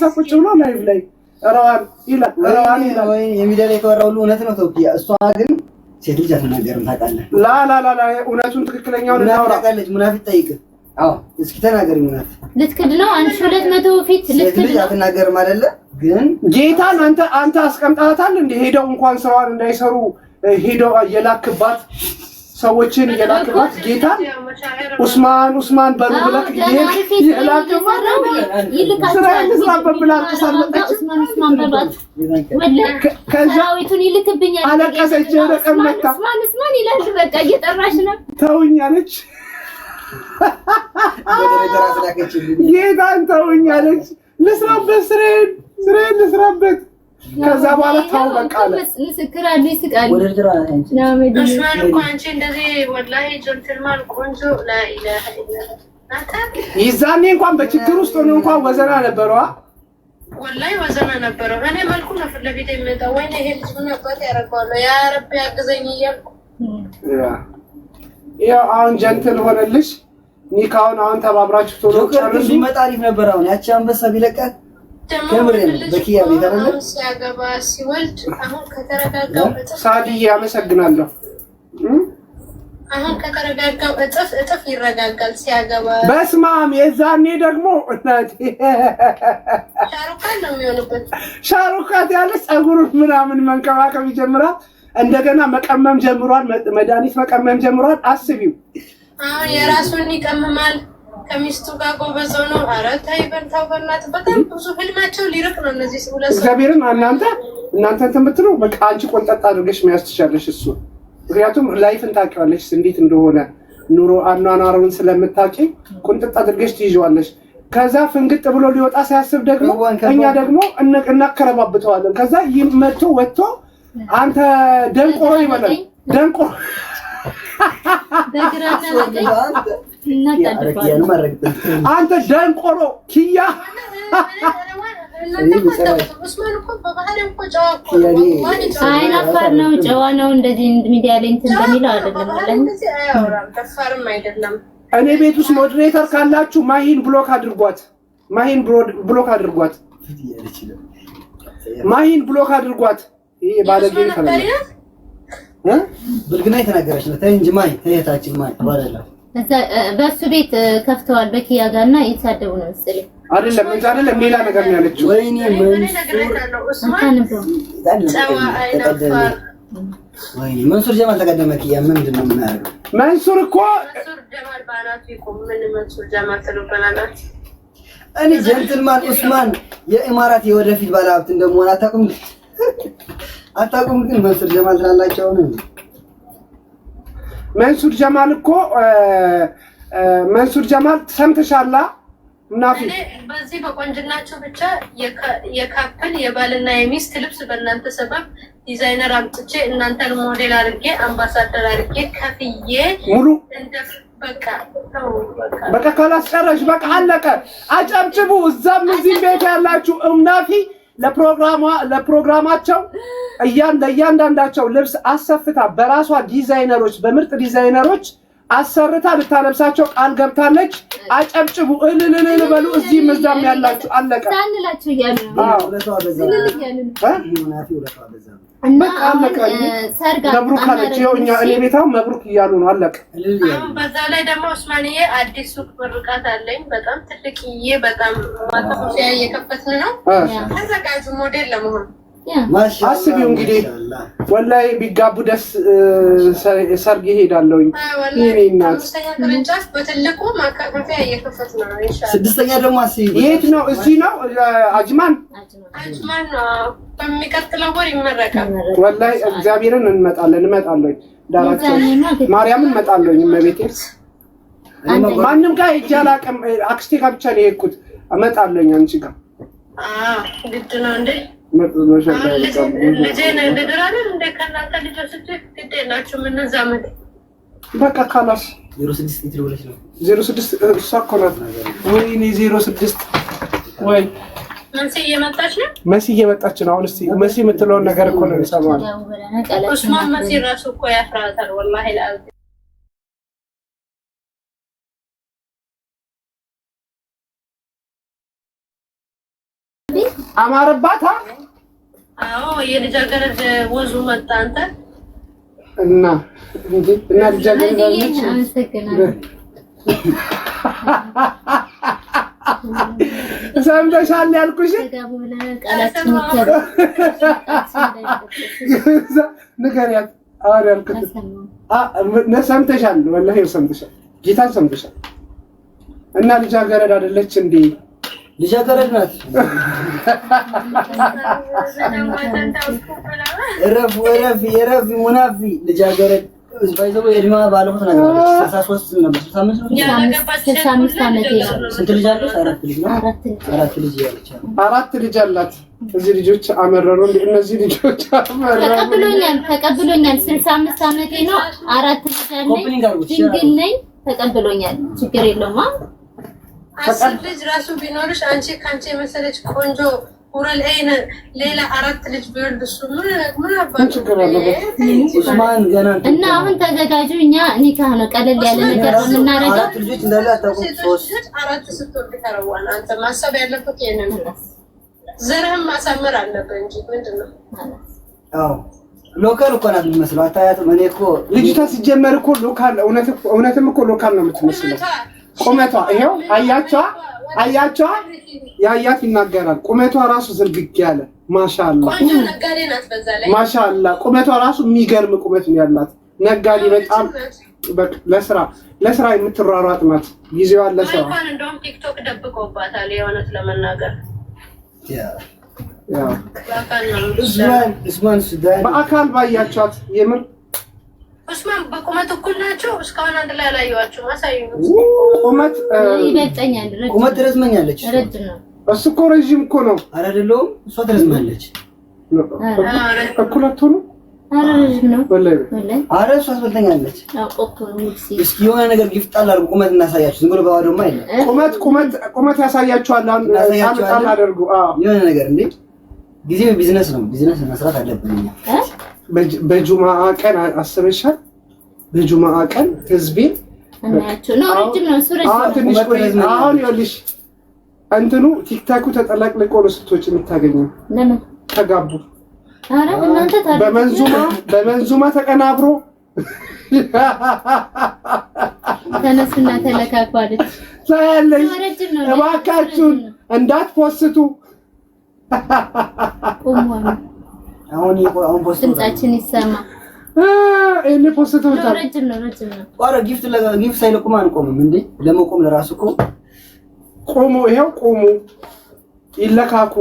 ሳ ቁጭ ብሎ ላይቭ ላይ ረዋን ይላል ረዋን ይላል። የሚዲያ ላይ የተወራው ሁሉ እውነት ነው ተውኪያ። እሷ ግን ሴት ልጅ አትናገርም ታውቃለህ። ላ ላ ላ እውነቱን ታውቃለች። ጠይቅ። አዎ እስኪ ተናገር። ምናፊት ልትክድ ነው ሁለት መቶ ፊት ልትክድ ነው። አትናገርም አይደለ? ግን ጌታን አንተ አንተ አስቀምጣታል እንደ ሄደው እንኳን ስራዋን እንዳይሰሩ ሄደው የላክባት ሰዎችን እየላክባት ጌታ ኡስማን ኡስማን በሉ ብለክ አለቀሰች። ተውኛለች፣ ጌታን ተውኛለች። ልስራበት፣ ስሬን ስሬን ልስራበት ከዛ በኋላ ታው በቃ ምስክር አለ ይስቃል። ዱሽማን እኮ አንቺ እንደዚህ ወላሂ ጀንትልማን ቆንጆ ይዛኔ እንኳን በችግር ውስጥ እንኳን ወዘና ነበረዋ። ወዘና ነበረው። እኔ መልኩ ነው ፊት ለፊት ይሄ ልጅ ምን አባት ያደርገዋለሁ ያ ያግዘኝ እያልኩ ያው አሁን ጀንትል ሆነልሽ። ኒካውን አሁን ተባብራችሁ ቶሎ ጨርሱ። ነበር። አሁን ያቺ አንበሳ ቢለቀት በኪያ ቤት አይደለም ሲያገባ ሲወልድ አሁን ከተረጋጋው እጥፍ ሳድዬ አመሰግናለሁ። አሁን ከተረጋጋው እጥፍ እጥፍ ይረጋጋል ሲያገባ። በስማም የዛኔ ደግሞ እናቴ ሻሩካት ነው የሚሆንበት። ሻሩካት ያለ ፀጉሩን ምናምን መንከባከብ ይጀምራል። እንደገና መቀመም ጀምሯል። መድኃኒት መቀመም ጀምሯል። አስቢው አሁን የራሱን ይቀምማል። ከሚስቱ ጋር ጎበዝ ሆኖ ኧረ ተይ በርታው፣ በእናትህ በጣም ብዙ ህልማቸው ሊርቅ ነው እነዚህ ሁለት ሰው። እግዚአብሔርን እናንተ እናንተ እንትን የምትለው በቃ አንቺ ቆንጠጥ አድርገሽ መያዝ ትቻለሽ እሱ ምክንያቱም ላይፍን ታውቂዋለሽ እንዴት እንደሆነ ኑሮ አኗኗሩን ስለምታውቂ ቁንጥጥ አድርገሽ ትይዣዋለሽ። ከዛ ፍንግጥ ብሎ ሊወጣ ሲያስብ ደግሞ እኛ ደግሞ እናከረባብተዋለን። ከዛ መጥቶ ወጥቶ አንተ ደንቆሮ ይበላል ደንቆሮ አንተ ደንቆሮ ኪያ አይናፋር ነው፣ ጨዋ ነው። እንደዚህ ሚዲያ ላይ እንትን እንደሚለው አይደለም። እኔ ቤት ውስጥ ሞድሬተር ካላችሁ ማሂን ብሎክ አድርጓት፣ ማሂን ብሎክ አድርጓት፣ ማሂን ብሎክ አድርጓት። ይሄ ባለጌ ብልግና የተናገረች ነው። ተይ እንጂ ማሂ፣ ተይ እህታችን ማሂ በእሱ ቤት ከፍተዋል በኪያ ጋር እና የተሳደቡ ነው መሰለኝ። አይደለም እንጂ አይደለም ሌላ ነገር ነው ያለችው። ወይኔ መንሱር ጀማል ተቀደመ። ኪያ ምንድን ነው የምናደርገው? መንሱር እኮ እኔ ጀንትልማን ኡስማን የኢማራት የወደፊት ባለሀብት እንደመሆን አታውቁም፣ አታውቁም ግን መንሱር ጀማል ትላላቸው ነው መንሱር ጀማል እኮ መንሱር ጀማል ሰምተሻላ? እናፊ በዚህ በቆንጅናቸው ብቻ የካፕል የባልና የሚስት ልብስ በእናንተ ሰበብ ዲዛይነር አምጥቼ እናንተን ሞዴል አድርጌ አምባሳደር አድርጌ ከፍዬ ሙሉ በቃ ካላስቀረሽ በቃ አለቀ። አጨብጭቡ እዛም እዚህም ቤት ያላችሁ እናፊ ለፕሮግራማቸው ለእያንዳንዳቸው ልብስ አሰፍታ በራሷ ዲዛይነሮች በምርጥ ዲዛይነሮች አሰርታ ልታለብሳቸው ቃል ገብታለች። አጨብጭቡ፣ እልልልል በሉ። እዚህም እዛም ያላችሁ አለቀ። በቃ አለቀ። መብሩክ አለች። ይኸው እኛ እኔ ቤታ መብሩክ እያሉ ነው። አለቀ። በዛ ላይ ደግሞ ኡስማንዬ አዲስ ሱቅ ምርቃት አለኝ። በጣም ትልቅዬ፣ በጣም ማተኮሻ እየከፈትን ነው። ተዘጋጁ ሞዴል ለመሆን አስቢው እንግዲህ ወላይ ቢጋቡ ደስ ሰርግ ይሄዳለሁኝ። እናት ስድስተኛ ደግሞ የት ነው? እዚህ ነው አጅማን። በሚቀጥለው ወር ይመረቃል። ወላሂ እግዚአብሔርን እንመጣለን፣ እመጣለሁኝ። ዳራቸው ማርያምን እመጣለሁኝ። እመቤቴ ማንም ጋር ሂጅ አላውቅም። አክስቴ ጋር ብቻ ነው የሄድኩት። እመጣለሁኝ አንቺ ጋር ግድ ነው እንዴ? በቃ ካላስ ዜሮ ስድስት እሷ እኮ ናት። ወይኔ ዜሮ ስድስት ወይ መሲ እየመጣች ነው። መሲ እየመጣች ነው። አሁን እስኪ መሲ የምትለውን ነገር እኮ ነው የሰማነው። ኡስማን መሲ ራሱ እኮ ያፍራታል ወላሂ አማረባት። አዎ የልጃገረድ ወዙ መጣ። አንተ እና እንጂ እና ልጃገረድ ሰምተሻል ያልኩሽ ንገሪያት። አዎ ያልኩት ሰምተሻል፣ ወላሂ ሰምተሻል፣ ጌታን ሰምተሻል። እና ልጃገረድ አይደለች እንዴ? ልጃገረድ ናት። እረፍ እረፍ እረፍ ሙናፊ ልጃገረድ ባይዘው የእድሜዋ ባለፉት ነገር ልጅ አራት ልጅ አላት። እዚህ ልጆች አመረሩ። እነዚህ ልጆች ተቀብሎኛል ተቀብሎኛል። ስልሳ አምስት ዓመቴ ነው። አራት ልጅ አለኝ። ድንግል ነኝ። ተቀብሎኛል። ችግር የለውም። አስር ልጅ ራሱ ቢኖርሽ አንቺ ከአንቺ የመሰለች ቆንጆ ሁረል አይነ ሌላ አራት ልጅ ቢወልድ እሱ ምን እና አሁን ተዘጋጁ። እኛ ኒካ ነው ቀለል ያለ ነገር አራት ስትወልድ አንተ ማሰብ ያለበት ይሄንን ዘርህም ማሳመር አለበት እንጂ ምንድን ነው ሎካል እኮ ናት የምትመስለው። አታያትም? እኔ እኮ ልጅቷ ሲጀመር እኮ ሎካል እውነትም እኮ ሎካል ነው የምትመስለው ቁመቷ ይሄው አያቿ አያቿ ያያት ይናገራል። ቁመቷ ራሱ ዝርግግ ያለ ማሻአላ ማሻአላ ቁመቷ ራሱ የሚገርም ቁመት ነው ያላት። ነጋዴ በጣም ለስራ ለስራ የምትራራጥ ናት። ጊዜዋን ለስራ እንደውም ቲክቶክ ደብቆባታል። የእውነት ለመናገር በአካል ባያቿት የምር ኡስማን በቁመት እኩል ናቸው። እስካሁን አንድ ላይ አላየኋቸውም። አሳዩኝ። ቁመት ይበልጠኛል። ቁመት ትረዝመኛለች። እሱ እኮ ረዥም እኮ ነው። ኧረ አይደለሁም። እሷ ትረዝማለች። እኩል አትሆኑም። እሷ ትበልጠኛለች። እስኪ የሆነ ቁመት እናሳያችሁ። ቢዝነስ ነው። ቢዝነስ መስራት አለብን እኛ በጁማአ ቀን አስበሻል? በጁማአ ቀን ህዝቤን አሁን ይኸውልሽ እንትኑ ቲክታኩ ተጠላቅልቆ ነው ስትወጪ የምታገኘው። ተጋቡ በመንዙማ በመንዙማ ተቀናብሮ ተነሱና ተለካኳለች ታያለሽ። እባካችሁን እንዳትፖስቱ አሁን አሁን ፖስት ድምጻችን ይሰማ። እኔ ፖስት ተውታ ረጅም ነው ረጅም ነው። ኧረ ጊፍት ጊፍት ሳይለቁም አንቆምም እንዴ! ለመቆም ለራሱ እኮ ቆሙ። ይሄው ቆሙ፣ ይለካኩ።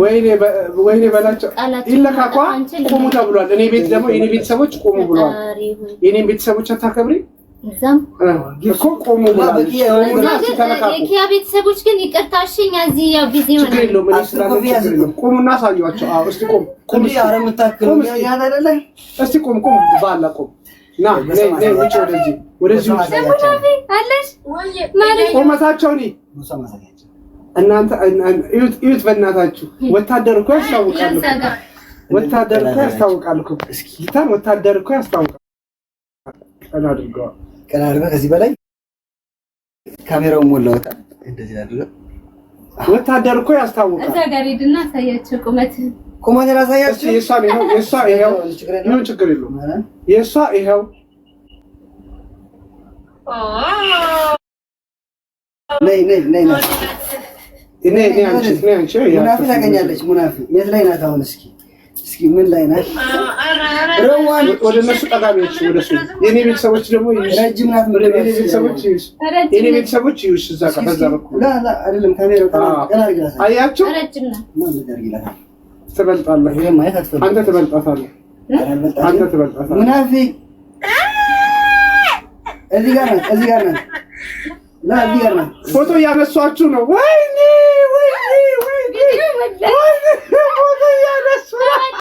ወይኔ ወይኔ በላቸው፣ ይለካኩ። ቆሙ ተብሏል። እኔ ቤት ደግሞ የኔ ቤተሰቦች ቆሙ ብሏል። የኔን ቤተሰቦች አታከብሪ እኮ ቆሙ የኪያ ቤተሰቦች ግን ይቅርታ እሽኝ እዚህ ያው ጊዜ ቁሙና አሳዩዋቸው። እስቲ ቁም ቁም እስቲ ቁም ቁም ባላ ቁም ና ወደዚህ ወደዚህ ቁመታቸውን እናንተ እዩት በእናታችሁ ወታደር እኮ ያስታውቃል። ወታደር እኮ ያስታውቃል። እስኪ ወታደር እኮ ያስታውቃል። ቀን ቀና አድርገህ ከዚህ በላይ ሞላ ሞላውታ እንደዚህ አድርገህ ወታደር እኮ ያስታውቃል። እዛ ጋር ሂድና አሳያቸው ቁመትህ ቁመቴን አሳያቸው። የእሷም ይኸው የእሷም ይኸው ምንም ችግር የለውም። የእሷ ይኸው ነይ ነይ ነይ ነይ ነይ ነይ አንቺ ነይ አንቺ ሙናፊ ሙናፊ ላይ ናት አሁን እስኪ ምን ላይ ናት? ረዋን ወደ እነሱ ጠጋቢዎች ወደ እሱ የኔ ቤተሰቦች ደግሞ ረጅም ናት። የኔ ቤተሰቦች ይኸውልሽ እዛ ከዛ በኩል አይደለም አያቸው ትበልጣለህ። አንተ ትበልጣታለህ። አንተ ትበልጣታለህ። ምናፊቅ እዚህ ጋር ናት። እዚህ ጋር ናት። ፎቶ እያነሷችሁ ነው። ወይኔ ወይኔ ወይኔ what?